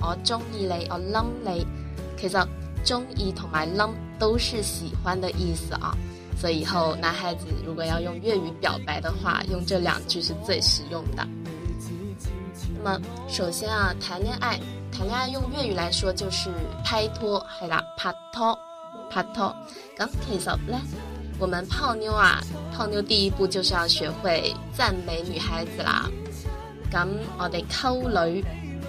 我中意你，我冧你。其實中意同埋冧都是喜歡的意思啊，所以以後男孩子如果要用粵語表白的話，用這兩句是最實用的。那麼，首先啊，談戀愛，談戀愛用粵語來說就是拍拖，係啦，拍拖，拍拖。咁其實呢，我們泡妞啊，泡妞第一步就是要學會讚美女孩子啦。咁我哋溝女。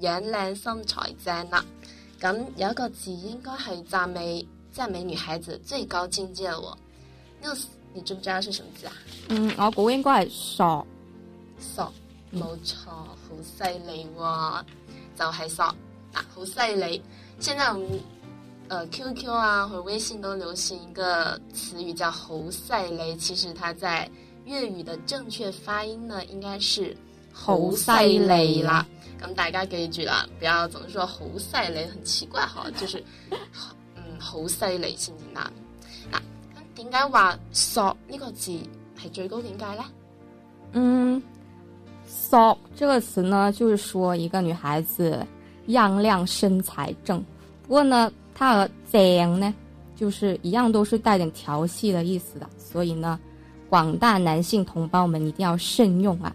樣靚身材正啦，咁、啊、有一個字應該係讚美讚美女孩子最高境界咯。y 你知唔知係什麼字啊？嗯，我估應該係索。索傻，冇、嗯、錯，好犀利、哦，就係索。好犀利，現在我們，誒、呃、QQ 啊或微信都流行一個詞語叫侯賽雷，其實它在粵語的正確發音呢，應該是。好犀利啦！咁大家記住啦，不要總說好犀利，很奇怪嗬， 就是嗯好犀利先難嗱。咁點解話索呢個字係最高點解呢？「嗯，索這個詞呢，就是說一個女孩子樣靚身材正，不過呢，她和正呢，就是一樣都是帶點調戲的意思的，所以呢，廣大男性同胞們一定要慎用啊！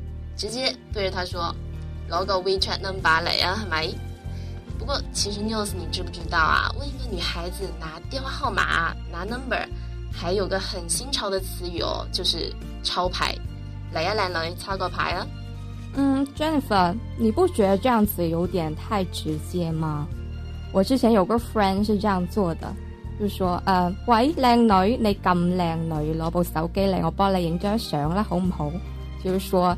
直接對着他說：“攞個 WeChat number 來啊，係咪？不過其實 news，你知不知道啊？問一個女孩子拿電話號碼拿 number，還有個很新潮的詞語哦，就是抄牌。來啊來來，靚女，抄個牌啊！嗯，Jennifer，你不覺得這樣子有點太直接嗎？我之前有個 friend 是這樣做的，就是、說：“呃，喂，靚女，你咁靚女，攞部手機嚟，我幫你影張相啦，好唔好？”就是、說。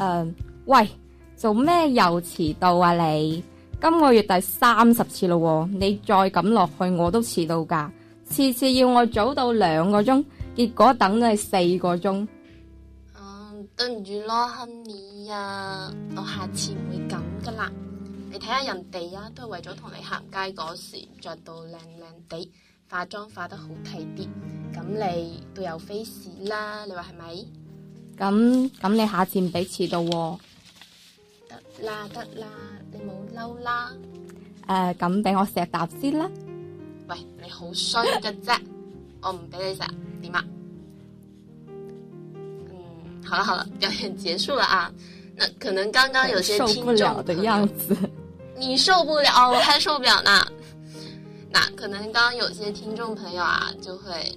誒，uh, 喂，做咩又遲到啊你？今個月第三十次咯、啊，你再咁落去，我都遲到噶。次次要我早到兩個鐘，結果等咗你四個鐘。啊、嗯，對唔住咯，Honey 呀、啊，我下次唔會咁噶啦。你睇下人哋啊，都係為咗同你行街嗰時着到靚靚地，化妝化得好睇啲。咁你對有 face 啦，你話係咪？咁咁，你下次唔俾遲到喎、哦。得啦得啦，你冇嬲啦。誒、呃，咁俾我錫啖先啦。喂，你好衰嘅啫， 我唔俾你錫點啊？嗯，好啦好啦，表演結束了啊。那可能剛剛有些聽眾朋友，我受不了的樣子， 你受不了，我還受不了呢。那可能剛剛有些聽眾朋友啊，就會。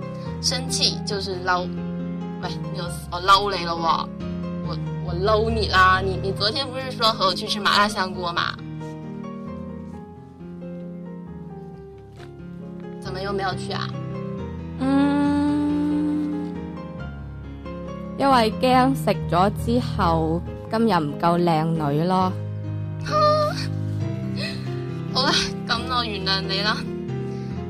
生氣就是嬲。喂，我嬲你了喔，我我嬲你啦！你你昨天不是說和我去吃麻辣香鍋嗎？怎麼又沒有去啊？嗯，因為驚食咗之後今日唔夠靚女咯。 好啦，咁我原諒你啦。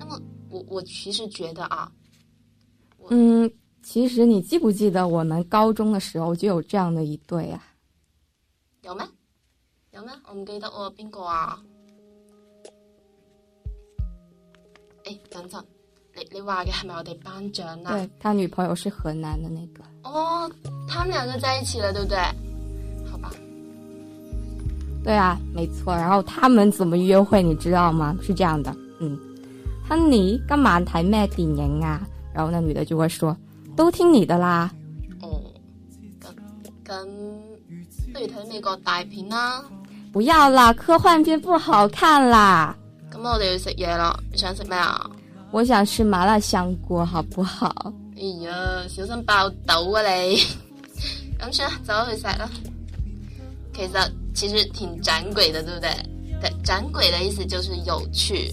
那麼，我我其實覺得啊，嗯，其實你記不記得我們高中的時候就有這樣的一對啊？有嗎？有嗎？我唔記得哦，邊個啊？誒，等等，你你話嘅係咪我哋班長啊？對，他女朋友是河南的那個。哦，他們兩個在一起了，對不對？好吧。對啊，沒錯。然後他們怎麼約會，你知道嗎？是這樣的，嗯。Henry，今晚睇咩電影啊？然後那女的就會說：都聽你的啦。哦，咁咁不如睇美國大片啦、啊。不要啦，科幻片不好看啦。咁我哋要食嘢啦，你想食咩啊？我想食麻辣香鍋，好不好？哎呀，小心爆豆啊你！咁算啦，走啦去食啦。其實其實挺盞鬼的，對不對？對，盞鬼的意思就是有趣。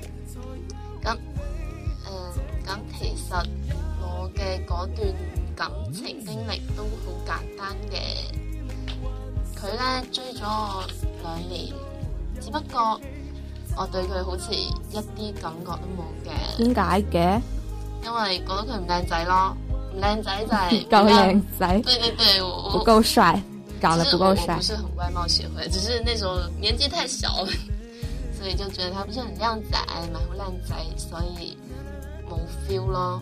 嗰段感情經歷都好簡單嘅，佢呢，追咗我兩年，只不過我對佢好似一啲感覺都冇嘅。點解嘅？因為覺得佢唔靚仔咯，唔靚仔就係好靚仔。對對對，不夠帥，長得不夠帥。就是不是很外貌協會，只、就是那種年紀太小，所以就覺得他不是很靚仔，唔係好靚仔，所以冇 feel 咯。